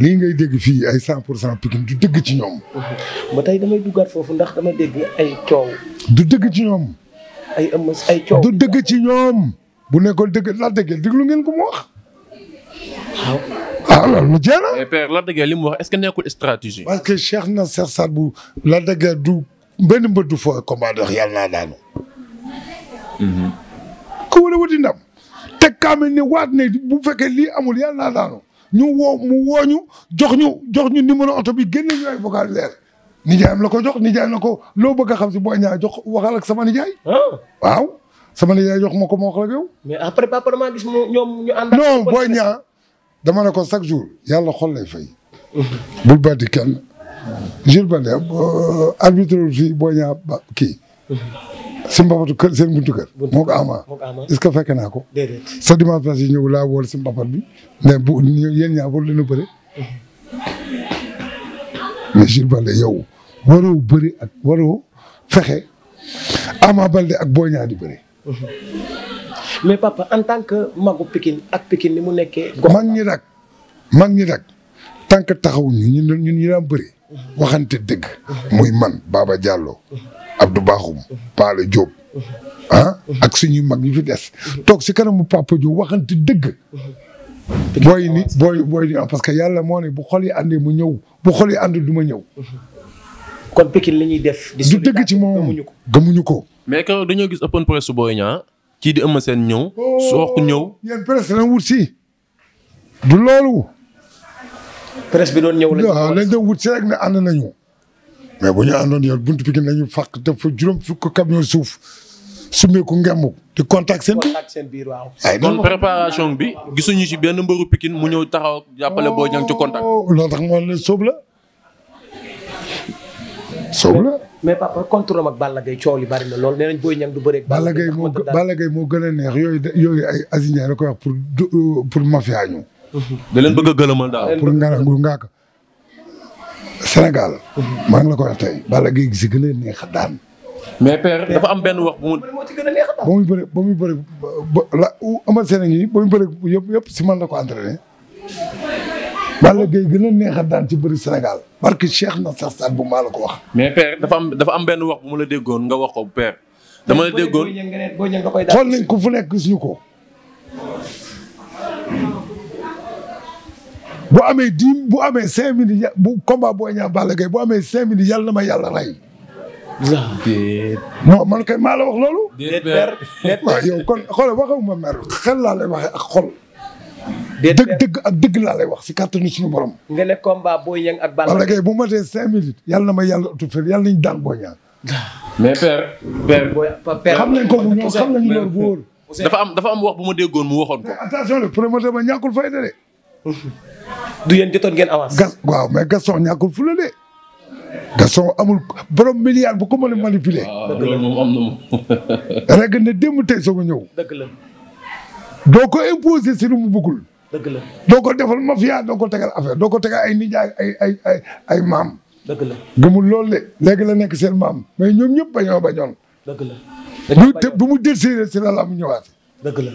lii ngay dégg fi ay cent pour cent Pikine du dëgg ci ñoom. Mhm. ba tey damay foofu ndax dama ay coow. du dëgg ci ñoom. ay am dëgg ci ñoom. bu nekkoon dëgg la de Guiers déglu ngeen ko mu wax. waaw. ah loolu jeex na. mais père li mu wax est ce que stratégie. parce que Cheikh na Cheikh Saad bu Lac de Guiers du benn mbër du fooy commandé naa daanu. Mhm. ku war a wuti ndam. teg kaamil waat ne bu fekkee lii amul yàlla naa daanu. ñu woo mu ñu jox ñu jox ñu numéro oto bi gën ñu ay vocal leer nijaayam la ko jox nijaayam la ko loo bëgg xam si boo ñaa jox waxal ak sama nijaay oh. waaw sama nijaay jox ma ko ma wax yow mais après papa dama gis mu ñoom ñu non boo ñaa dama ne ko chaque jour yàlla xol lay fay bul bàddi kenn Jules Baldé boo ñaa ki si mbapatu kër seen buntu kër. moo ko ama est-ce que fekke naa ko. déedéet sa dimanche passé ñëw laa wool si mbapat bi mais bu yéen ñaa war leen a bëri. Mm-hmm. mais Jules Baldé yow waroo bëri ak waroo fexe Ama Baldé ak Boy Niang di bëri. Mm-hmm. mais papa en tant que magu Pikine ak Pikine ni mu nekkee. mag ñi nag mag ñi nag tant que taxawuñu ñun ñun ñu daan bëri. waxante dëgg. muy man Baba ab du Bakhoum. Paala Diop. ah ak suñuy mag ñu fi des. toog si kanam kanamu Papa Diop waxante dëgg. booy ni booy booy ni parce que yàlla moo ne bu xol yi àndee mu ñëw bu xol yi ànd du ma ñëw. kon Pikine li ñuy def. du dëgg ci moom gëmuñu ko gëmuñu ko. mais dañoo gis open press booy ñaa kii di Eumeu Sène ñëw. soox ñëw. Oh, yéen presse na wut si. du loolu. presse bi doon ñëw lañ. waaw lañ doon wut si rek ne ànd nañu. mais bu ñu àndoon yow buntu Pikine lañu fàq def juróom fukk camion suuf summeeku ngemb te contact seen biir seen biir waaw. kon préparation bi gisuñu ci benn mbëru pikin mu ñëw taxaw jàppale boo ñang ci contact. Oh, loolu tax moo ne sóob la. sóob la mais papa contre ak Balla Gaye coow li bari na lool nee nañ Boy Niang du bëre ak Balla Gaye moo moo gën a neex yooyu yooyu ay Aziz Ndiaye da koy wax pour euh, pour mafia ñu da leen bëgg a gëlëmal daal. pour Ngara Ngou Sénégal. maa ngi la ko wax tey. Balla Gaye si gën a neex daan. mais père dafa am benn wax bu mu. ba muy bëri ba la amal seen ngi yëpp yëpp si man la ko entraîné. Balla Gaye gën a ci bëri Sénégal. barke Cheikh na sax saat bu maa la ko wax. mais père dafa am dafa benn wax bu mu nga wax ko père. dama la déggoon xool nañ ko fu nekk gis ñu ko. bu amee dix bu amee cinq minutes bu combat Boy Niang Balla Gaye bu amee cinq minutes yàlla na ma yàlla rey. non man kay maa la wax loolu. déet waaw yow kon xoolal ma mer xel laa lay waxee ak xol. déet dëgg dëgg ak dëgg laa lay wax si kàttanu suñu borom. nga ne combat Boy Niang ak Balla Gaye bu matee cinq minutes yàlla na ma yàlla utu fële yàlla nañu daan Boy mais père. père xam nañ ko ñoom xam nañ loolu bu wóor. dafa am dafa mu waxoon ko. du yéen jotoon ngeen avance. gas waaw mais Gaston ñàkkul fula de. Gaston amul borom milliard bu ko mën a manipuler. waaw ah, loolu moom ne démb tey soog a ñëw. dëgg la. ko imposer si lu mu bëggul. dëgg la doo ko defal mafia doo ko tegal affaire doo ko tegal ay nijaay ay ay maam. dëgg la gëmul loolu de. léegi la nekk seen maam mais ñoom ñëpp bañoo bañoon. dëgg la. bu mu déllusé si la la mu ñëwaat. dëgg la.